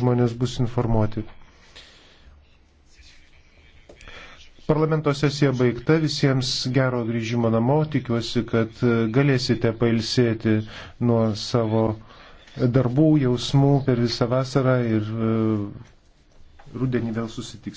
žmonės bus informuoti. Parlamento sesija baigta, visiems gero grįžimo namo, tikiuosi, kad galėsite pailsėti nuo savo darbų, jausmų per visą vasarą ir e, rudenį vėl susitiksime.